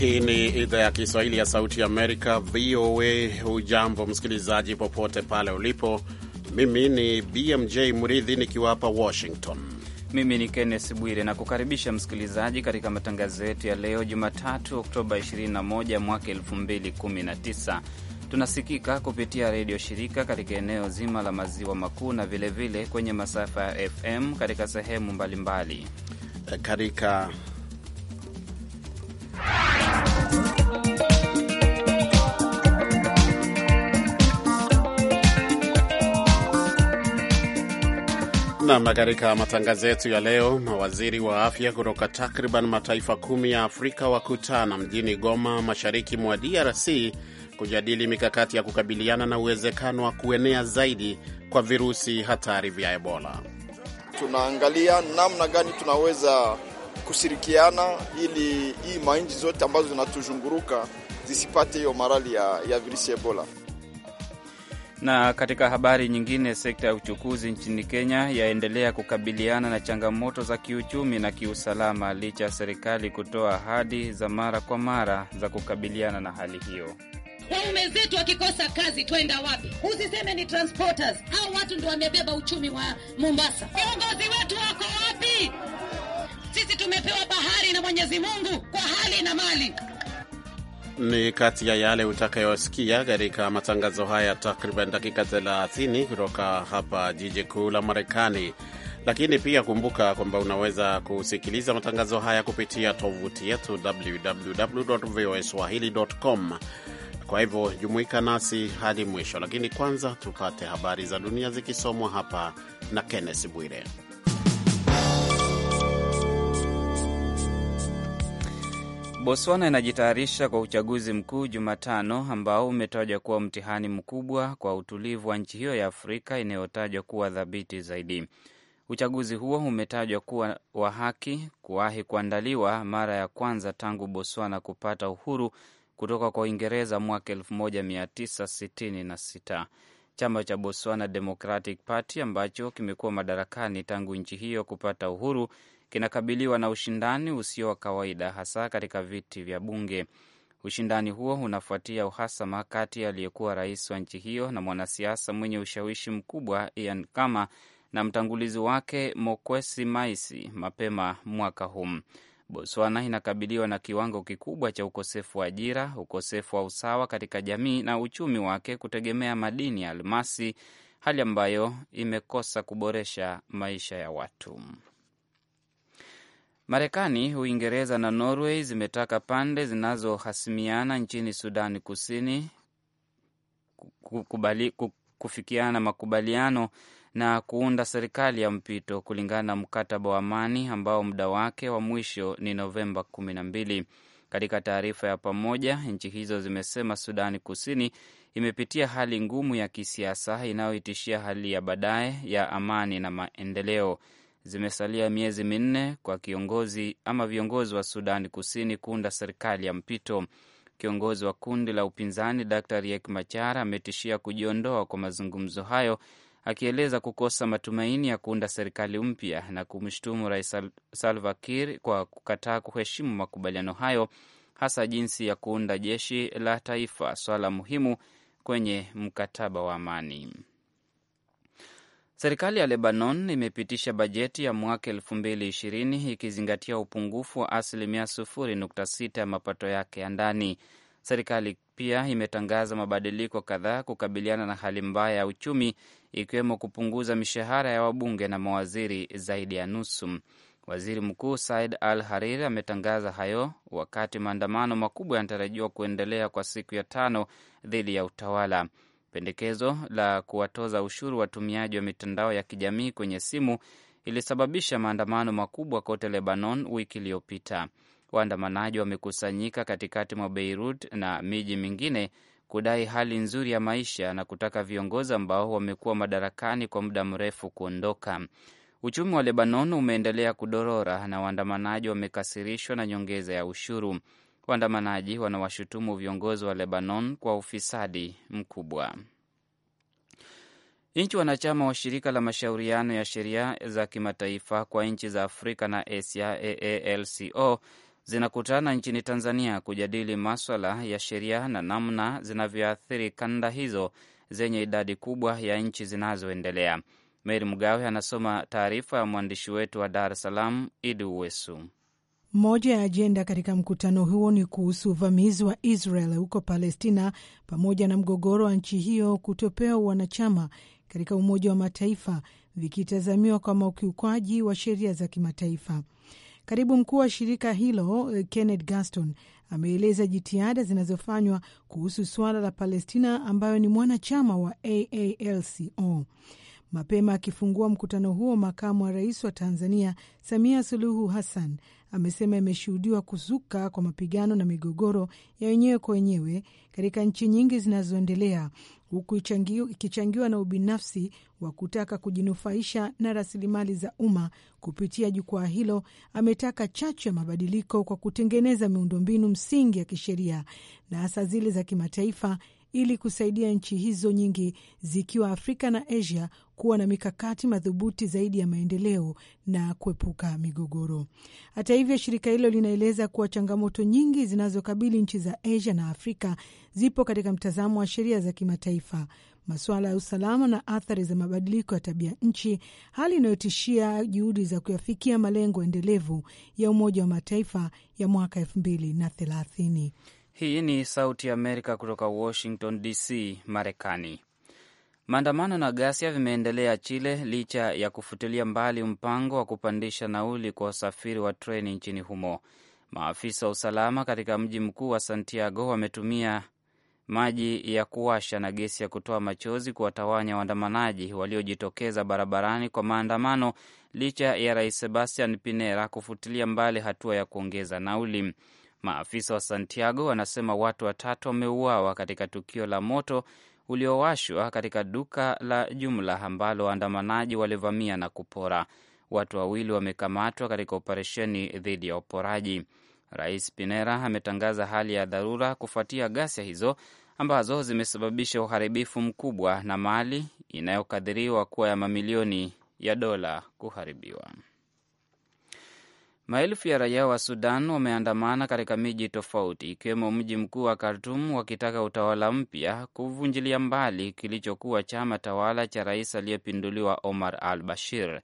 Hii ni idhaa ya Kiswahili ya Sauti ya Amerika, VOA. Hujambo msikilizaji, popote pale ulipo. Mimi ni BMJ Mridhi nikiwa hapa Washington. Mimi ni kennes Bwire na kukaribisha msikilizaji katika matangazo yetu ya leo Jumatatu, Oktoba 21 mwaka 2019. Tunasikika kupitia redio shirika katika eneo zima la maziwa makuu na vilevile vile kwenye masafa ya FM katika sehemu mbalimbali mbali. Katika Nam, katika matangazo yetu ya leo, mawaziri wa afya kutoka takriban mataifa kumi ya Afrika wakutana mjini Goma, mashariki mwa DRC kujadili mikakati ya kukabiliana na uwezekano wa kuenea zaidi kwa virusi hatari vya Ebola. Tunaangalia namna gani tunaweza kushirikiana ili hii manchi zote ambazo zinatuzunguruka zisipate hiyo marali ya, ya virusi Ebola. Na katika habari nyingine, sekta ya uchukuzi nchini Kenya yaendelea kukabiliana na changamoto za kiuchumi na kiusalama licha ya serikali kutoa ahadi za mara kwa mara za kukabiliana na hali hiyo. Waume zetu wakikosa kazi twenda wapi? Usiseme ni transporters au watu ndio wamebeba uchumi wa Mombasa. Viongozi wetu wako wapi? Sisi tumepewa bahari na Mwenyezi Mungu kwa hali na mali ni kati ya yale utakayosikia katika matangazo haya takriban dakika 30 kutoka hapa jiji kuu la Marekani. Lakini pia kumbuka kwamba unaweza kusikiliza matangazo haya kupitia tovuti yetu www voa swahili com. Kwa hivyo jumuika nasi hadi mwisho, lakini kwanza tupate habari za dunia zikisomwa hapa na Kenneth Bwire. Botswana inajitayarisha kwa uchaguzi mkuu Jumatano ambao umetajwa kuwa mtihani mkubwa kwa utulivu wa nchi hiyo ya Afrika inayotajwa kuwa thabiti zaidi. Uchaguzi huo umetajwa kuwa wa haki kuwahi kuandaliwa mara ya kwanza tangu Botswana kupata uhuru kutoka kwa Uingereza mwaka 1966. Chama cha Botswana Democratic Party ambacho kimekuwa madarakani tangu nchi hiyo kupata uhuru kinakabiliwa na ushindani usio wa kawaida, hasa katika viti vya bunge. Ushindani huo unafuatia uhasama kati ya aliyekuwa rais wa nchi hiyo na mwanasiasa mwenye ushawishi mkubwa Ian Kama na mtangulizi wake Mokwesi Maisi mapema mwaka huu. Botswana inakabiliwa na kiwango kikubwa cha ukosefu wa ajira, ukosefu wa usawa katika jamii na uchumi wake kutegemea madini ya almasi, hali ambayo imekosa kuboresha maisha ya watu. Marekani, Uingereza na Norway zimetaka pande zinazohasimiana nchini Sudani Kusini kukubali, kufikiana makubaliano na kuunda serikali ya mpito kulingana na mkataba wa amani ambao muda wake wa mwisho ni Novemba kumi na mbili. Katika taarifa ya pamoja, nchi hizo zimesema Sudani Kusini imepitia hali ngumu ya kisiasa inayoitishia hali ya baadaye ya amani na maendeleo zimesalia miezi minne kwa kiongozi ama viongozi wa Sudani Kusini kuunda serikali ya mpito. Kiongozi wa kundi la upinzani Dr Riek Machar ametishia kujiondoa kwa mazungumzo hayo, akieleza kukosa matumaini ya kuunda serikali mpya na kumshutumu Rais Salva Kiir kwa kukataa kuheshimu makubaliano hayo, hasa jinsi ya kuunda jeshi la taifa, swala muhimu kwenye mkataba wa amani. Serikali ya Lebanon imepitisha bajeti ya mwaka elfu mbili ishirini ikizingatia upungufu wa asilimia sufuri nukta sita ya mapato yake ya ndani. Serikali pia imetangaza mabadiliko kadhaa kukabiliana na hali mbaya ya uchumi, ikiwemo kupunguza mishahara ya wabunge na mawaziri zaidi ya nusu. Waziri Mkuu Said Al Hariri ametangaza hayo wakati maandamano makubwa yanatarajiwa kuendelea kwa siku ya tano dhidi ya utawala. Pendekezo la kuwatoza ushuru watumiaji wa mitandao ya kijamii kwenye simu ilisababisha maandamano makubwa kote Lebanon wiki iliyopita. Waandamanaji wamekusanyika katikati mwa Beirut na miji mingine kudai hali nzuri ya maisha na kutaka viongozi ambao wamekuwa madarakani kwa muda mrefu kuondoka. Uchumi wa Lebanon umeendelea kudorora na waandamanaji wamekasirishwa na nyongeza ya ushuru. Waandamanaji wanawashutumu viongozi wa Lebanon kwa ufisadi mkubwa. Nchi wanachama wa shirika la mashauriano ya sheria za kimataifa kwa nchi za Afrika na Asia, AALCO, zinakutana nchini Tanzania kujadili maswala ya sheria na namna zinavyoathiri kanda hizo zenye idadi kubwa ya nchi zinazoendelea. Meri Mgawe anasoma taarifa ya mwandishi wetu wa Dar es Salaam, Idi Uwesu. Moja ya ajenda katika mkutano huo ni kuhusu uvamizi wa Israel huko Palestina pamoja na mgogoro wa nchi hiyo kutopewa wanachama katika Umoja wa Mataifa, vikitazamiwa kama ukiukwaji wa sheria za kimataifa. Katibu mkuu wa shirika hilo eh, Kenneth Gaston ameeleza jitihada zinazofanywa kuhusu suala la Palestina, ambayo ni mwanachama wa AALCO. Mapema akifungua mkutano huo, makamu wa rais wa Tanzania Samia Suluhu Hassan amesema imeshuhudiwa kuzuka kwa mapigano na migogoro ya wenyewe kwa wenyewe katika nchi nyingi zinazoendelea huku ikichangiwa na ubinafsi wa kutaka kujinufaisha na rasilimali za umma. Kupitia jukwaa hilo, ametaka chachu ya mabadiliko kwa kutengeneza miundombinu msingi ya kisheria na hasa zile za kimataifa ili kusaidia nchi hizo nyingi zikiwa Afrika na Asia kuwa na mikakati madhubuti zaidi ya maendeleo na kuepuka migogoro. Hata hivyo, shirika hilo linaeleza kuwa changamoto nyingi zinazokabili nchi za Asia na Afrika zipo katika mtazamo wa sheria za kimataifa, masuala ya usalama na athari za mabadiliko ya tabia nchi, hali inayotishia juhudi za kuyafikia malengo endelevu ya Umoja wa Mataifa ya mwaka elfu mbili na thelathini. Hii ni Sauti ya Amerika kutoka Washington DC, Marekani. Maandamano na ghasia vimeendelea Chile licha ya kufutilia mbali mpango wa kupandisha nauli kwa usafiri wa treni nchini humo. Maafisa wa usalama katika mji mkuu wa Santiago wametumia maji ya kuwasha na gesi ya kutoa machozi kuwatawanya waandamanaji waliojitokeza barabarani kwa maandamano licha ya rais Sebastian Pinera kufutilia mbali hatua ya kuongeza nauli. Maafisa wa Santiago wanasema watu watatu wameuawa katika tukio la moto uliowashwa katika duka la jumla ambalo waandamanaji walivamia na kupora. Watu wawili wamekamatwa katika operesheni dhidi ya uporaji. Rais Pinera ametangaza hali ya dharura kufuatia ghasia hizo ambazo zimesababisha uharibifu mkubwa na mali inayokadhiriwa kuwa ya mamilioni ya dola kuharibiwa. Maelfu ya raia wa Sudan wameandamana katika miji tofauti ikiwemo mji mkuu wa Khartum wakitaka utawala mpya kuvunjilia mbali kilichokuwa chama tawala cha rais aliyepinduliwa Omar al Bashir.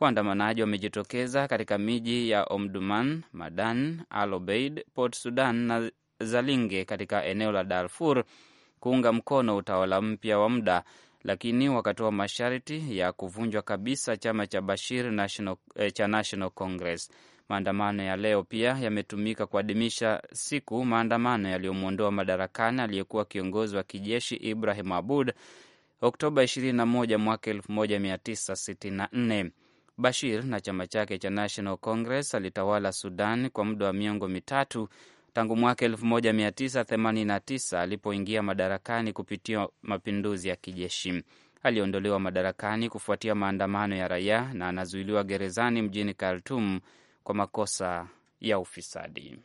Waandamanaji wamejitokeza katika miji ya Omduman, Madan, al Obeid, Port Sudan na Zalinge katika eneo la Darfur kuunga mkono utawala mpya wa muda lakini wakatoa masharti ya kuvunjwa kabisa chama cha Bashir National, eh, cha National Congress. Maandamano ya leo pia yametumika kuadhimisha siku maandamano yaliyomwondoa madarakani aliyekuwa kiongozi wa kijeshi Ibrahim Abud Oktoba 21 mwaka 1964. Bashir na chama chake cha National Congress alitawala Sudan kwa muda wa miongo mitatu tangu mwaka 1989 alipoingia madarakani kupitia mapinduzi ya kijeshi. Aliondolewa madarakani kufuatia maandamano ya raia na anazuiliwa gerezani mjini Khartum kwa makosa ya ufisadi.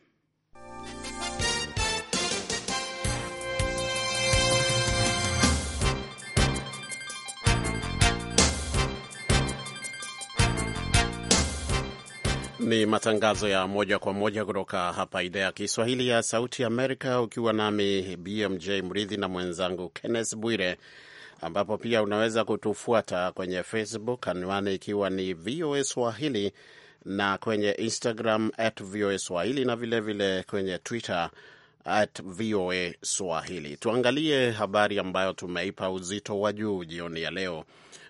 Ni matangazo ya moja kwa moja kutoka hapa idhaa ya Kiswahili ya Sauti Amerika, ukiwa nami BMJ Mridhi na mwenzangu Kenneth Bwire, ambapo pia unaweza kutufuata kwenye Facebook, anwani ikiwa ni VOA Swahili, na kwenye Instagram at VOA Swahili na vilevile vile kwenye Twitter at VOA Swahili. Tuangalie habari ambayo tumeipa uzito wa juu jioni ya leo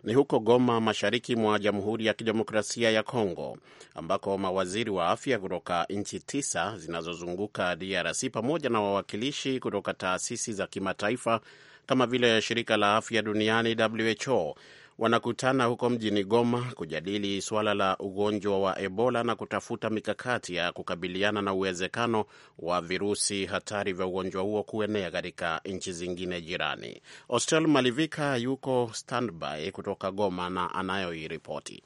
ni huko Goma, mashariki mwa Jamhuri ya Kidemokrasia ya Kongo, ambako mawaziri wa afya kutoka nchi tisa zinazozunguka DRC pamoja na wawakilishi kutoka taasisi za kimataifa kama vile shirika la afya duniani WHO wanakutana huko mjini Goma kujadili suala la ugonjwa wa Ebola na kutafuta mikakati ya kukabiliana na uwezekano wa virusi hatari vya ugonjwa huo kuenea katika nchi zingine jirani. Ostel Malivika yuko standby kutoka Goma na anayoiripoti.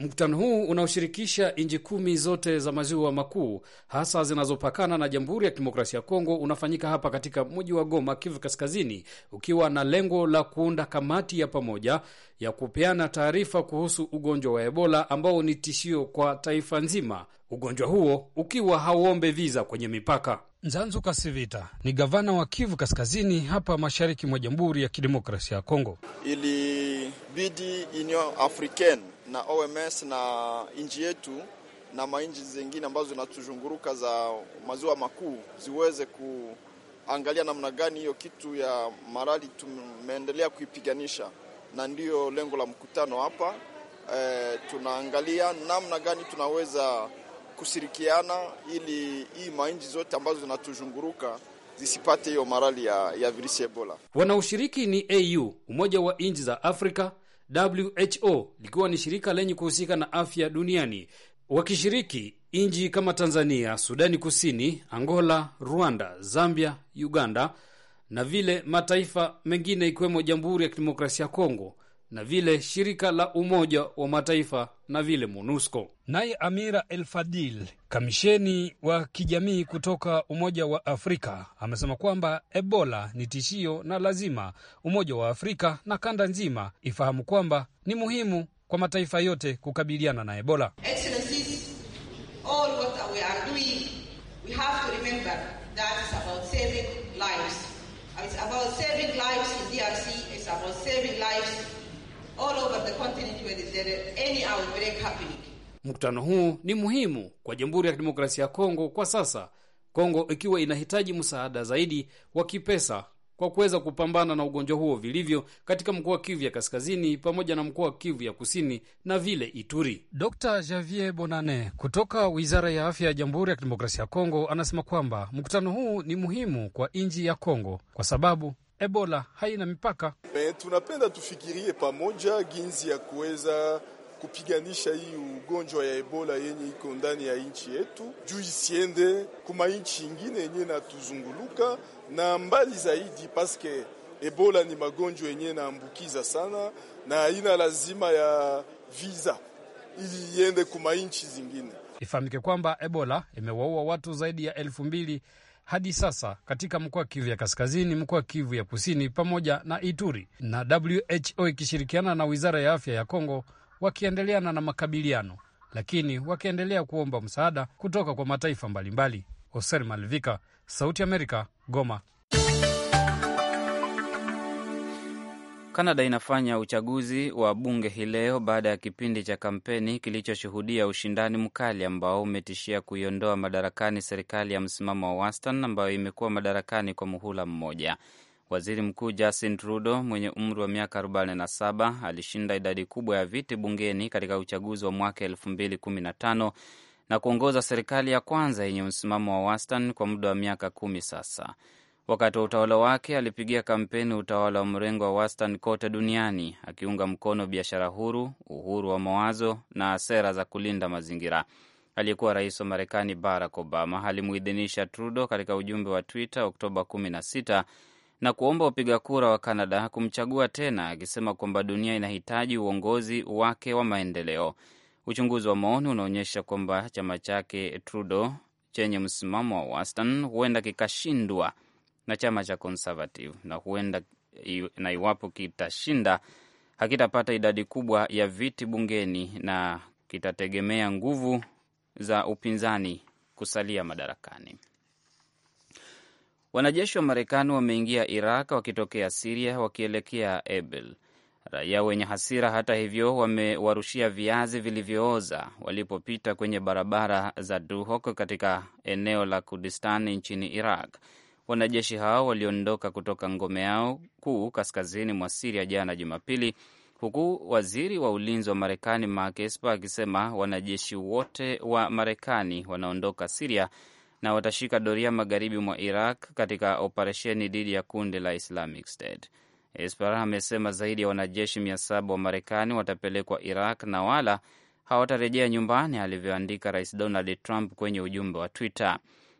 Mkutano huu unaoshirikisha nchi kumi zote za maziwa makuu hasa zinazopakana na Jamhuri ya Kidemokrasia ya Kongo unafanyika hapa katika mji wa Goma, Kivu Kaskazini, ukiwa na lengo la kuunda kamati ya pamoja ya kupeana taarifa kuhusu ugonjwa wa Ebola ambao ni tishio kwa taifa nzima, ugonjwa huo ukiwa hauombe viza kwenye mipaka. Nzanzu Kasivita ni gavana wa Kivu Kaskazini hapa mashariki mwa Jamhuri ya Kidemokrasia ya Kongo. Ilibidi Union Africaine na OMS na nchi yetu na mainji zingine ambazo zinatuzunguruka za maziwa makuu ziweze kuangalia namna gani hiyo kitu ya marali tumeendelea kuipiganisha, na ndiyo lengo la mkutano hapa. E, tunaangalia namna gani tunaweza kushirikiana ili hii mainji zote ambazo zinatuzunguruka zisipate hiyo marali ya, ya virusi Ebola. Wanaoshiriki ni AU, Umoja wa Nchi za Afrika, WHO likiwa ni shirika lenye kuhusika na afya duniani, wakishiriki nchi kama Tanzania, Sudani Kusini, Angola, Rwanda, Zambia, Uganda na vile mataifa mengine ikiwemo Jamhuri ya Kidemokrasia ya Kongo na vile shirika la Umoja wa Mataifa na vile MONUSCO. Naye Amira El Fadil, kamisheni wa kijamii kutoka Umoja wa Afrika, amesema kwamba Ebola ni tishio na lazima Umoja wa Afrika na kanda nzima ifahamu kwamba ni muhimu kwa mataifa yote kukabiliana na Ebola. It's about Mkutano huu ni muhimu kwa Jamhuri ya Kidemokrasia ya Kongo kwa sasa, Kongo ikiwa inahitaji msaada zaidi wa kipesa kwa kuweza kupambana na ugonjwa huo vilivyo katika mkoa wa Kivu ya Kaskazini pamoja na mkoa wa Kivu ya Kusini na vile Ituri. Dr. Javier Bonane kutoka Wizara ya Afya ya Jamhuri ya Kidemokrasia ya Kongo anasema kwamba mkutano huu ni muhimu kwa nchi ya Kongo kwa sababu Ebola haina mipaka. Me, tunapenda tufikirie pamoja ginzi ya kuweza kupiganisha hii ugonjwa ya Ebola yenye iko ndani ya nchi yetu, juu isiende kuma nchi ingine yenye natuzunguluka na mbali zaidi, paske Ebola ni magonjwa yenye naambukiza sana na haina lazima ya visa ili iende kuma nchi zingine. Ifahamike kwamba Ebola imewaua watu zaidi ya elfu mbili hadi sasa katika mkoa wa Kivu ya Kaskazini, mkoa wa Kivu ya Kusini pamoja na Ituri, na WHO ikishirikiana na wizara ya afya ya Kongo wakiendeleana na makabiliano, lakini wakiendelea kuomba msaada kutoka kwa mataifa mbalimbali. Hoser Malvika, Sauti Amerika, Goma. Kanada inafanya uchaguzi wa bunge hii leo baada ya kipindi cha kampeni kilichoshuhudia ushindani mkali ambao umetishia kuiondoa madarakani serikali ya msimamo wa wastani ambayo imekuwa madarakani kwa muhula mmoja. Waziri Mkuu Justin Trudeau mwenye umri wa miaka 47 alishinda idadi kubwa ya viti bungeni katika uchaguzi wa mwaka 2015 na kuongoza serikali ya kwanza yenye msimamo wa wastani kwa muda wa miaka kumi sasa. Wakati wa utawala wake alipigia kampeni utawala wa mrengo wa wastani kote duniani, akiunga mkono biashara huru, uhuru wa mawazo na sera za kulinda mazingira. Aliyekuwa rais wa Marekani Barack Obama alimuidhinisha Trudeau katika ujumbe wa Twitter Oktoba 16 na kuomba wapiga kura wa canada kumchagua tena, akisema kwamba dunia inahitaji uongozi wake wa maendeleo. Uchunguzi wa maoni unaonyesha kwamba chama chake Trudeau chenye msimamo wa wastani huenda kikashindwa na chama cha Conservative na huenda na iwapo kitashinda hakitapata idadi kubwa ya viti bungeni na kitategemea nguvu za upinzani kusalia madarakani. Wanajeshi wa Marekani wameingia Iraq wakitokea Siria wakielekea Erbil. Raia wenye hasira, hata hivyo, wamewarushia viazi vilivyooza walipopita kwenye barabara za Duhok katika eneo la Kurdistan nchini Iraq. Wanajeshi hao waliondoka kutoka ngome yao kuu kaskazini mwa Siria jana Jumapili, huku waziri wa ulinzi wa Marekani Mark Esper akisema wanajeshi wote wa Marekani wanaondoka Siria na watashika doria magharibi mwa Iraq katika operesheni dhidi ya kundi la Islamic State. Esper amesema zaidi ya wanajeshi mia saba wa Marekani watapelekwa Iraq na wala hawatarejea nyumbani, alivyoandika Rais Donald Trump kwenye ujumbe wa Twitter.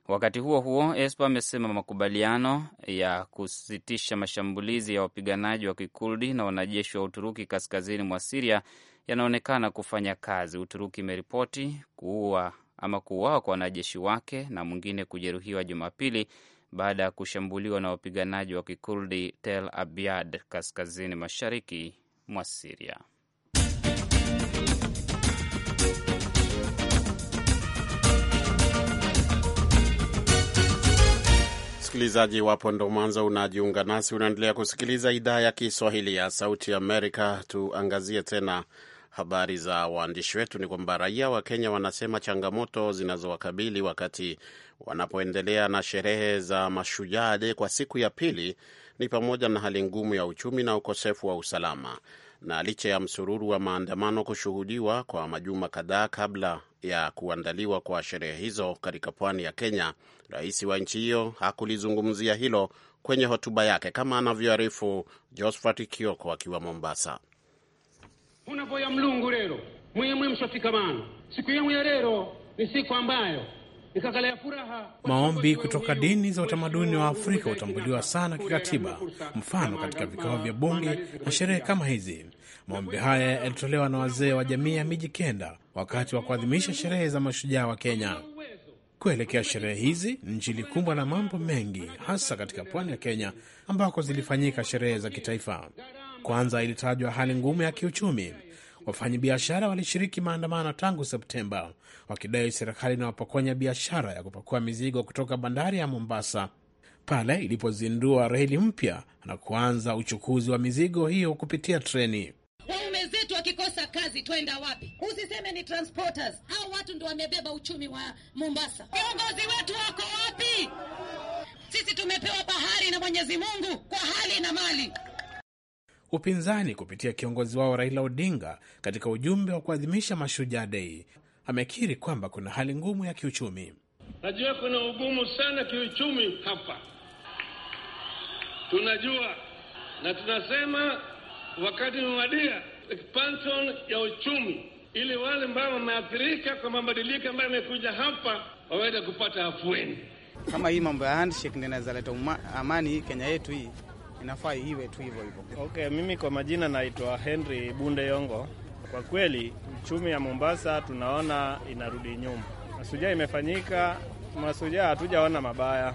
Wakati huo huo, espa amesema makubaliano ya kusitisha mashambulizi ya wapiganaji wa kikurdi na wanajeshi wa Uturuki kaskazini mwa Siria yanaonekana kufanya kazi. Uturuki imeripoti kuua ama kuuawa kwa wanajeshi wake na mwingine kujeruhiwa Jumapili baada ya kushambuliwa na wapiganaji wa kikurdi Tel Abyad, kaskazini mashariki mwa Siria. Msikilizaji wapo ndo mwanzo unajiunga nasi, unaendelea kusikiliza idhaa ya Kiswahili ya Sauti Amerika. Tuangazie tena habari za waandishi wetu. Ni kwamba raia wa Kenya wanasema changamoto zinazowakabili wakati wanapoendelea na sherehe za Mashujaa de kwa siku ya pili ni pamoja na hali ngumu ya uchumi na ukosefu wa usalama. Na licha ya msururu wa maandamano kushuhudiwa kwa majuma kadhaa kabla ya kuandaliwa kwa sherehe hizo katika pwani ya Kenya, rais wa nchi hiyo hakulizungumzia hilo kwenye hotuba yake, kama anavyoarifu Josphat Kioko akiwa Mombasa. unavoya mlungu lero mwemwe mshafikamana siku yemwe ya lero ni siku ambayo Maombi kutoka dini za utamaduni wa Afrika hutambuliwa sana kikatiba, mfano katika vikao vya bunge na sherehe kama hizi. Maombi haya yalitolewa na wazee wa jamii ya Mijikenda wakati wa kuadhimisha sherehe za mashujaa wa Kenya. Kuelekea sherehe hizi, nchi ilikumbwa na mambo mengi, hasa katika pwani ya Kenya ambako zilifanyika sherehe za kitaifa. Kwanza ilitajwa hali ngumu ya kiuchumi Wafanyabiashara walishiriki maandamano tangu Septemba wakidai serikali inawapokonya biashara ya kupakua mizigo kutoka bandari ya Mombasa pale ilipozindua reli mpya na kuanza uchukuzi wa mizigo hiyo kupitia treni. Waume zetu wakikosa kazi twenda wapi? Usiseme ni transporters, hao watu ndo wamebeba uchumi wa Mombasa. Viongozi wetu wako wapi? Sisi tumepewa bahari na Mwenyezi Mungu kwa hali na mali upinzani kupitia kiongozi wao Raila Odinga katika ujumbe wa kuadhimisha Mashujaa Dei amekiri kwamba kuna hali ngumu ya kiuchumi. Najua kuna ugumu sana kiuchumi hapa, tunajua na tunasema wakati umewadia expansion ya uchumi, ili wale ambao wameathirika kwa mabadiliko ambayo yamekuja hapa waweze kupata afueni. Kama hii mambo ya handshake ndio inaweza leta amani Kenya yetu hii inafaa iwe tu hivyo hivyo. Okay, mimi kwa majina naitwa Henry Bunde Yongo. Kwa kweli uchumi ya Mombasa tunaona inarudi nyuma. Masujaa imefanyika, masujaa hatujaona mabaya.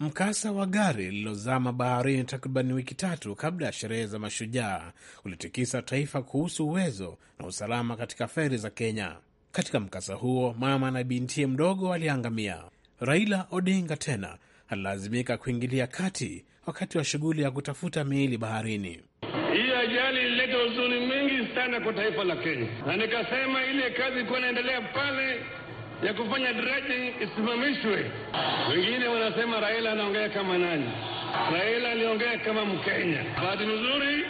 Mkasa wa gari lililozama baharini takriban wiki tatu kabla ya sherehe za Mashujaa ulitikisa taifa kuhusu uwezo na usalama katika feri za Kenya. Katika mkasa huo, mama na bintie mdogo waliangamia. Raila Odinga tena alilazimika kuingilia kati wakati wa shughuli ya kutafuta miili baharini. Hii ajali ilileta huzuni mingi sana kwa taifa la Kenya, na nikasema ile kazi ilikuwa inaendelea pale ya kufanya dredging isimamishwe. Wengine wanasema Raila anaongea kama nani? Raila aliongea kama Mkenya. Bahati nzuri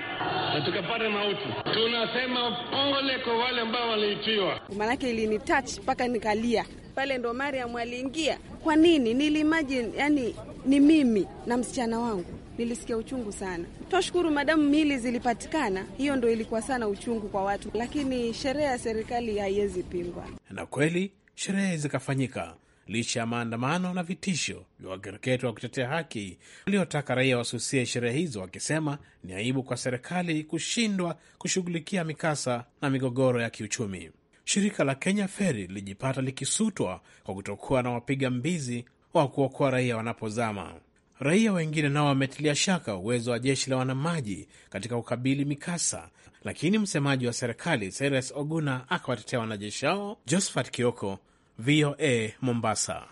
na tukapata mauti. Tunasema pole kwa wale ambao waliitiwa, maanake ilinitouch mpaka nikalia pale. Ndo Mariam aliingia. Kwa nini nilimajini? Yani ni mimi na msichana wangu. Nilisikia uchungu sana. Twashukuru madamu mili zilipatikana, hiyo ndo ilikuwa sana uchungu kwa watu, lakini sherehe ya serikali haiwezi pingwa. Na kweli sherehe zikafanyika licha ya maandamano na vitisho vya wakereketo wa kutetea haki waliotaka raia wasusie sherehe hizo, wakisema ni aibu kwa serikali kushindwa kushughulikia mikasa na migogoro ya kiuchumi. Shirika la Kenya feri lilijipata likisutwa kwa kutokuwa na wapiga mbizi wa kuokoa raia wanapozama. Raia wengine nao wametilia shaka uwezo wa jeshi la wanamaji katika kukabili mikasa, lakini msemaji wa serikali Seres Oguna akawatetea wanajeshi hao. Josephat Kioko, VOA Mombasa.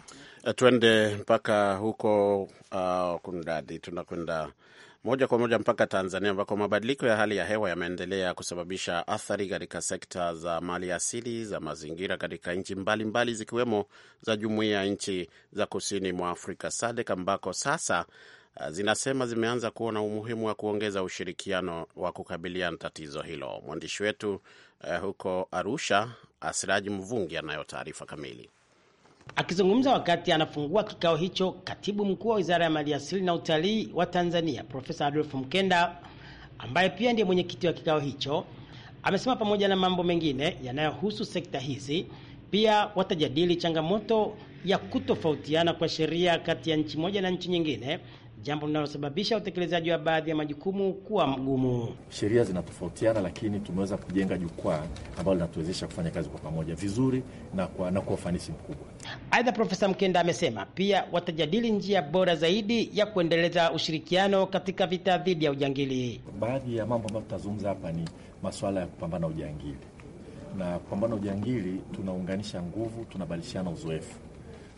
Tuende mpaka huko uh, kundadi tunakwenda moja kwa moja mpaka Tanzania ambako mabadiliko ya hali ya hewa yameendelea kusababisha athari katika sekta za mali asili za mazingira katika nchi mbalimbali zikiwemo za jumuiya ya nchi za kusini mwa Afrika SADC ambako sasa uh, zinasema zimeanza kuona umuhimu wa kuongeza ushirikiano wa kukabiliana tatizo hilo. Mwandishi wetu uh, huko Arusha Asiraji Mvungi anayo taarifa kamili. Akizungumza wakati anafungua kikao hicho, katibu mkuu wa wizara ya maliasili na utalii wa Tanzania Profesa Adolfu Mkenda, ambaye pia ndiye mwenyekiti wa kikao hicho, amesema pamoja na mambo mengine yanayohusu sekta hizi, pia watajadili changamoto ya kutofautiana kwa sheria kati ya nchi moja na nchi nyingine, jambo linalosababisha utekelezaji wa baadhi ya majukumu kuwa mgumu. Sheria zinatofautiana, lakini tumeweza kujenga jukwaa ambalo linatuwezesha kufanya kazi kwa pamoja vizuri na kwa, na kwa ufanisi mkubwa. Aidha, Profesa Mkenda amesema pia watajadili njia bora zaidi ya kuendeleza ushirikiano katika vita dhidi ya ujangili. Baadhi ya mambo ambayo tutazungumza hapa ni masuala ya kupambana ujangili, na kupambana ujangili tunaunganisha nguvu, tunabadilishana uzoefu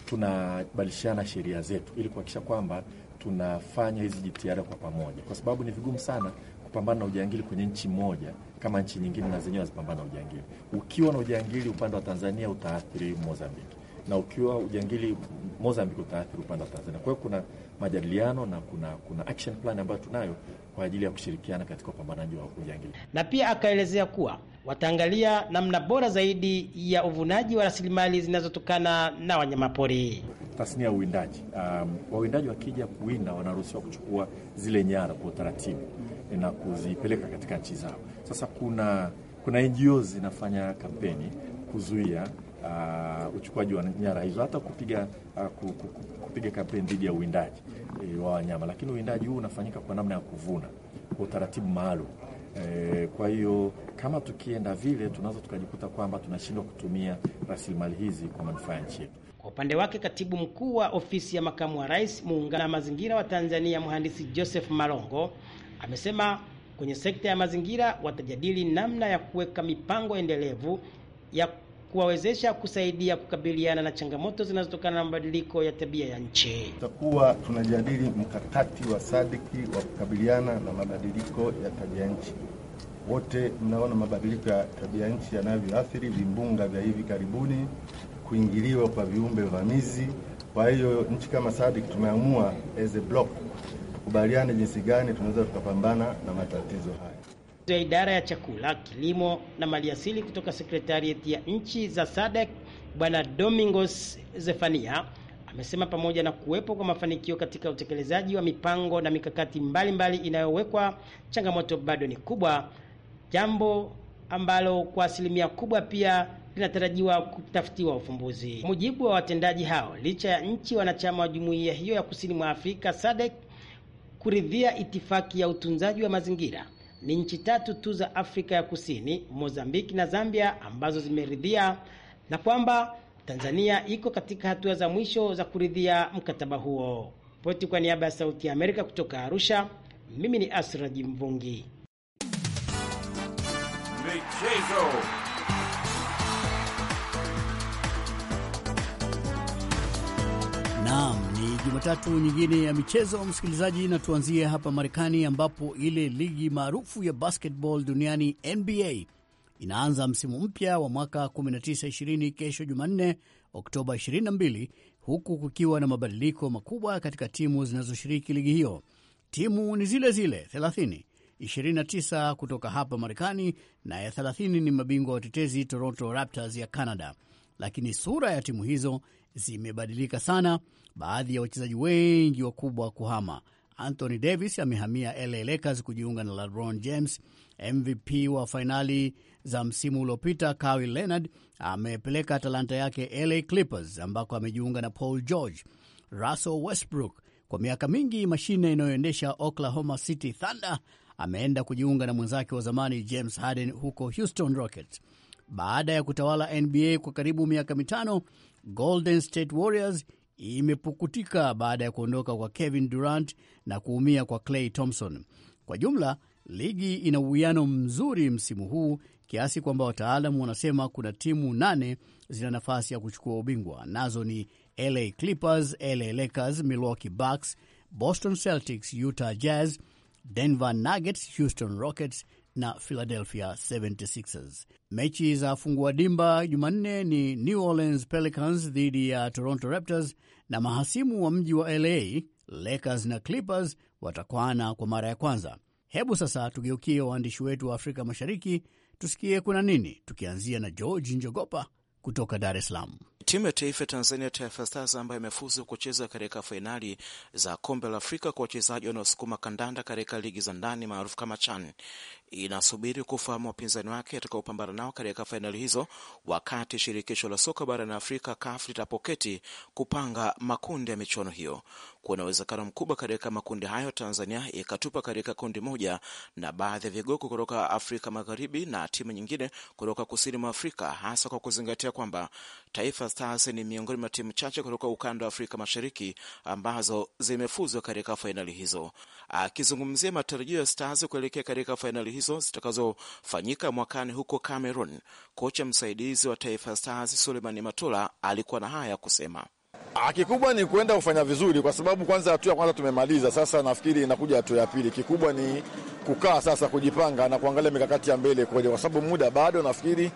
tunabadilishana sheria zetu ili kuhakikisha kwamba tunafanya hizi jitihada kwa pamoja, kwa sababu ni vigumu sana kupambana na ujangili kwenye nchi moja kama nchi nyingine na zenyewe zipambana na ujangili. Ukiwa na ujangili upande wa Tanzania utaathiri Mozambiki, na ukiwa ujangili Mozambiki utaathiri upande wa Tanzania. Kwa hiyo kuna majadiliano na kuna kuna action plan ambayo tunayo kwa ajili ya kushirikiana katika upambanaji wa ujangili. Na pia akaelezea kuwa wataangalia namna bora zaidi ya uvunaji wa rasilimali zinazotokana na wanyamapori. Tasnia ya uwindaji, um, wawindaji wakija kuwinda wanaruhusiwa kuchukua zile nyara kwa utaratibu na kuzipeleka katika nchi zao. Sasa kuna kuna NGOs zinafanya kampeni kuzuia uh, uchukuaji wa nyara hizo, hata kupiga uh, kupiga kampeni dhidi ya uwindaji e, wa wanyama. Lakini uwindaji huu unafanyika kwa namna ya kuvuna kwa utaratibu maalum. E, kwa hiyo kama tukienda vile tunaweza tukajikuta kwamba tunashindwa kutumia rasilimali hizi kwa manufaa ya nchi yetu. Kwa upande wake, katibu mkuu wa ofisi ya makamu wa rais muungano wa mazingira wa Tanzania, mhandisi Joseph Malongo amesema kwenye sekta ya mazingira watajadili namna ya kuweka mipango endelevu ya kuwawezesha kusaidia kukabiliana na changamoto zinazotokana na mabadiliko ya tabia ya nchi. Tutakuwa tunajadili mkakati wa sadiki wa kukabiliana na mabadiliko ya tabia nchi. Wote mnaona mabadiliko ya tabia nchi yanavyoathiri vimbunga vya hivi karibuni, kuingiliwa kwa viumbe vamizi. Kwa hiyo nchi kama sadiki tumeamua as a block tukubaliane jinsi gani tunaweza tukapambana na matatizo haya ya idara ya chakula, kilimo na maliasili kutoka sekretarieti ya nchi za SADC Bwana Domingos Zefania amesema pamoja na kuwepo kwa mafanikio katika utekelezaji wa mipango na mikakati mbalimbali inayowekwa, changamoto bado ni kubwa, jambo ambalo kwa asilimia kubwa pia linatarajiwa kutafutiwa ufumbuzi. Mujibu wa watendaji hao, licha ya nchi wanachama wa jumuiya hiyo ya kusini mwa Afrika SADC kuridhia itifaki ya utunzaji wa mazingira ni nchi tatu tu za Afrika ya Kusini, Mozambiki na Zambia ambazo zimeridhia na kwamba Tanzania iko katika hatua za mwisho za kuridhia mkataba huo. Poti kwa niaba ya Sauti ya Amerika kutoka Arusha, mimi ni Asraji Mvungi. Michezo. Naam. Ni Jumatatu nyingine ya michezo, msikilizaji, na tuanzie hapa Marekani ambapo ile ligi maarufu ya basketball duniani NBA inaanza msimu mpya wa mwaka 1920 kesho Jumanne, Oktoba 22, huku kukiwa na mabadiliko makubwa katika timu zinazoshiriki ligi hiyo. Timu ni zile zile 30, 29 kutoka hapa Marekani na ya 30 ni mabingwa watetezi Toronto Raptors ya Canada, lakini sura ya timu hizo zimebadilika sana, baadhi ya wachezaji wengi wakubwa kuhama. Anthony Davis amehamia LA Lakers kujiunga na LeBron James. MVP wa fainali za msimu uliopita Kawhi Leonard amepeleka talanta yake LA Clippers ambako amejiunga na Paul George. Russell Westbrook, kwa miaka mingi mashine inayoendesha Oklahoma City Thunder, ameenda kujiunga na mwenzake wa zamani James Harden huko Houston Rockets. Baada ya kutawala NBA kwa karibu miaka mitano, Golden State Warriors imepukutika baada ya kuondoka kwa Kevin Durant na kuumia kwa Clay Thompson. Kwa jumla, ligi ina uwiano mzuri msimu huu kiasi kwamba wataalamu wanasema kuna timu nane zina nafasi ya kuchukua ubingwa, nazo ni LA Clippers, LA Lakers, Milwaukee Bucks, Boston Celtics, Utah Jazz, Denver Nuggets, Houston Rockets na Philadelphia 76ers. Mechi za fungua dimba Jumanne ni New Orleans Pelicans dhidi ya Toronto Raptors na mahasimu wa mji wa LA Lakers na Clippers watakwana kwa mara ya kwanza. Hebu sasa tugeukie waandishi wetu wa Afrika Mashariki tusikie kuna nini, tukianzia na George Njogopa kutoka Dar es Salaam. Timu ya taifa ya Tanzania, Taifa Stars, ambayo imefuzu kucheza katika fainali za kombe la Afrika kwa wachezaji wanaosukuma kandanda katika ligi za ndani maarufu kama CHAN, inasubiri kufahamu wapinzani wake atakaopambana nao katika fainali hizo, wakati shirikisho la soka barani Afrika CAF litapoketi kupanga makundi ya michuano hiyo. Kuna uwezekano mkubwa katika makundi hayo Tanzania ikatupa katika kundi moja na baadhi ya vigogo kutoka Afrika Magharibi na timu nyingine kutoka kusini mwa Afrika, hasa kwa kuzingatia kwamba Taifa Stars ni miongoni mwa timu chache kutoka ukanda wa Afrika Mashariki ambazo zimefuzwa katika fainali hizo. Akizungumzia matarajio ya Stars kuelekea katika fainali hizo zitakazofanyika mwakani huko Cameroon, kocha msaidizi wa Taifa Stars Sulemani Matula alikuwa na haya kusema. Kikubwa ni kuenda kufanya vizuri, kwa sababu kwanza hatua ya kwanza tumemaliza. Sasa nafikiri inakuja hatua ya pili. Kikubwa ni kukaa sasa, kujipanga na kuangalia mikakati ya mbele koja, kwa sababu muda bado. Nafikiri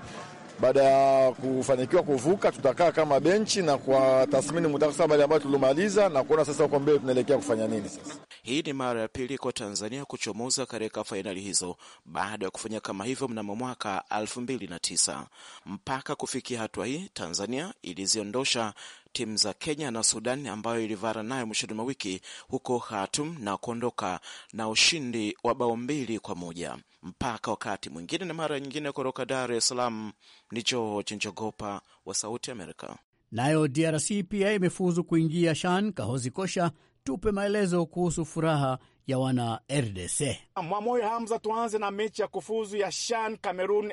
baada ya kufanikiwa kuvuka, tutakaa kama benchi na kwa tathmini mutakasabali ambayo tulimaliza na kuona sasa huko mbele tunaelekea kufanya nini sasa. Hii ni mara ya pili kwa Tanzania kuchomoza katika fainali hizo baada ya kufanya kama hivyo mnamo mwaka 2009. Mpaka kufikia hatua hii, Tanzania iliziondosha timu za Kenya na Sudan ambayo ilivara nayo mwishoni mwa wiki huko Khartoum na kuondoka na ushindi wa bao mbili kwa moja. Mpaka wakati mwingine na mara nyingine, kutoka Dar es Salaam ni George Njogopa wa Sauti Amerika. Nayo DRC pia imefuzu kuingia Shan Kahozi Kosha tupe maelezo kuhusu furaha ya wana RDC. Mwamoyo Hamza, tuanze na mechi ya kufuzu ya Shan Cameroon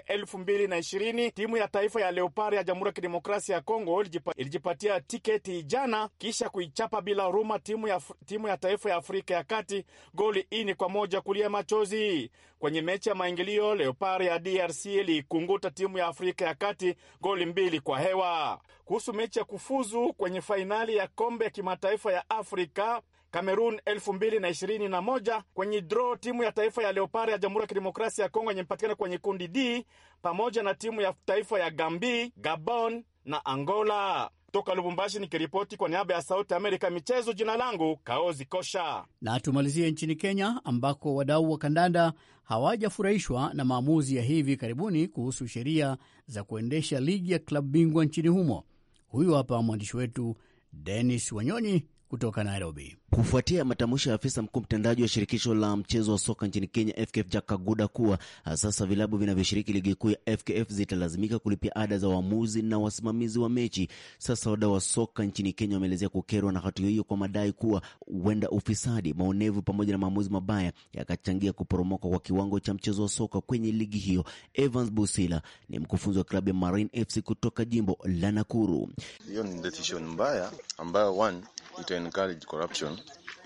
ishirini Timu ya taifa ya Leopard ya Jamhuri ya Kidemokrasia ya Kongo ilijipatia tiketi jana kisha kuichapa bila huruma timu ya, timu ya taifa ya Afrika ya Kati goli ini kwa moja kulia machozi. Kwenye mechi ya maingilio, Leopard ya DRC iliikunguta timu ya Afrika ya Kati goli mbili kwa hewa. Kuhusu mechi ya kufuzu kwenye fainali ya kombe ya kimataifa ya Afrika kamerun 2021 kwenye draw timu ya taifa ya Leopard ya Jamhuri ya Kidemokrasia ya Kongo yenye patikana kwenye kundi D pamoja na timu ya taifa ya Gambi, Gabon na Angola. Toka Lubumbashi nikiripoti kwa niaba ya Sauti Amerika michezo, jina langu Kaozi Kosha. Na tumalizie nchini Kenya ambako wadau wa kandanda hawajafurahishwa na maamuzi ya hivi karibuni kuhusu sheria za kuendesha ligi ya klabu bingwa nchini humo. Huyu hapa mwandishi wetu Denis Wanyonyi kutoka Nairobi. Kufuatia matamshi ya afisa mkuu mtendaji wa shirikisho la mchezo wa soka nchini Kenya, FKF Jack Kaguda, kuwa ah, sasa vilabu vinavyoshiriki ligi kuu ya FKF zitalazimika kulipia ada za waamuzi na wasimamizi wa mechi. Sasa wadau wa soka nchini Kenya wameelezea kukerwa na hatua hiyo kwa madai kuwa huenda ufisadi, maonevu pamoja na maamuzi mabaya yakachangia kuporomoka kwa kiwango cha mchezo wa soka kwenye ligi hiyo. Evans Busila ni mkufunzi wa klabu ya Marine FC kutoka jimbo la Nakuru. Hiyo ni mbaya ambayo one ita encourage corruption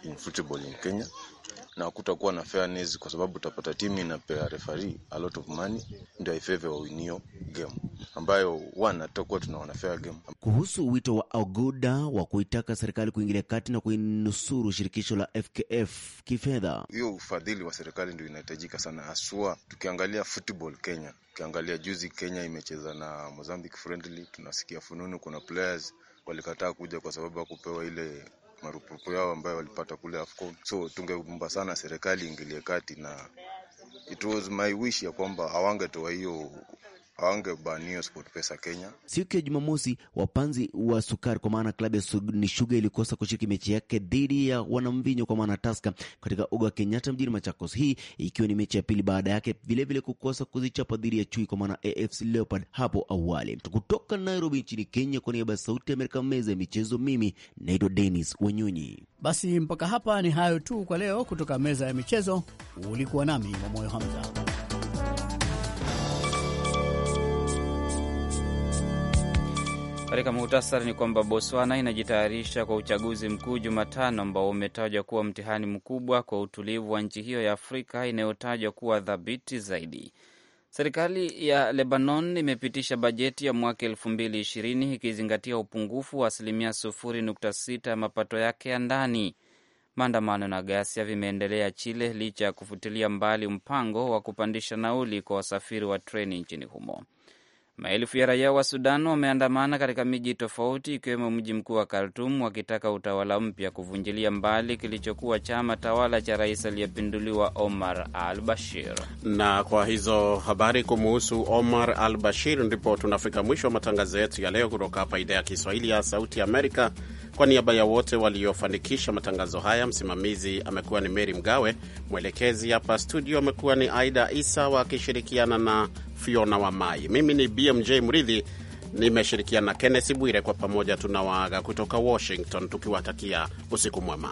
in football in Kenya na kutakuwa na fairness, kwa sababu utapata timu inapea referee a lot of money ndio ifavor wawinio game ambayo wana tutakuwa tunaona fair game. Kuhusu wito wa Ogoda wa kuitaka serikali kuingilia kati na kuinusuru shirikisho la FKF kifedha, hiyo ufadhili wa serikali ndio inahitajika sana, haswa tukiangalia football Kenya. Ukiangalia juzi Kenya imecheza na Mozambique friendly, tunasikia fununu kuna players walikataa kuja kwa sababu ya kupewa ile marupurupu yao ambayo walipata kule AFCON. So tungeomba sana serikali ingilie kati, na it was my wish ya kwamba hawangetoa hiyo wangebaniwa SportPesa Kenya. Siku ya Jumamosi, wapanzi wa sukari kwa maana klabu ya Sugni Sugar ilikosa kushiriki mechi yake dhidi ya wanamvinyo kwa maana Taska katika uga wa Kenyatta mjini Machakos, hii ikiwa ni mechi ya pili baada yake vilevile vile kukosa kuzichapa dhidi ya chui kwa maana AFC Leopard hapo awali. Kutoka Nairobi nchini Kenya, kwa niaba ya Sauti ya Amerika, meza ya michezo, mimi naitwa Denis Wanyonyi. Basi mpaka hapa ni hayo tu kwa leo, kutoka meza ya michezo. Ulikuwa nami Mwamoyo Hamza. Katika muhtasari ni kwamba Botswana inajitayarisha kwa uchaguzi mkuu Jumatano ambao umetajwa kuwa mtihani mkubwa kwa utulivu wa nchi hiyo ya Afrika inayotajwa kuwa thabiti zaidi. Serikali ya Lebanon imepitisha bajeti ya mwaka elfu mbili ishirini ikizingatia upungufu wa asilimia sufuri nukta sita ya mapato yake ya ndani. Maandamano na ghasia vimeendelea Chile licha ya kufutilia mbali mpango wa kupandisha nauli kwa wasafiri wa treni nchini humo. Maelfu ya raia wa Sudan wameandamana katika miji tofauti ikiwemo mji mkuu wa Khartum wakitaka utawala mpya kuvunjilia mbali kilichokuwa chama tawala cha rais aliyepinduliwa Omar al Bashir. Na kwa hizo habari kumuhusu Omar al Bashir, ndipo tunafika mwisho wa matangazo yetu ya leo kutoka hapa idhaa ya Kiswahili ya Sauti ya Amerika. Kwa niaba ya wote waliofanikisha matangazo haya, msimamizi amekuwa ni Meri Mgawe, mwelekezi hapa studio amekuwa ni Aida Isa wakishirikiana na Fiona Wamai. Mimi ni BMJ Mridhi, nimeshirikiana na Kenneth Bwire, kwa pamoja tunawaaga kutoka Washington tukiwatakia usiku mwema.